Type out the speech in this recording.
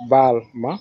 bal ma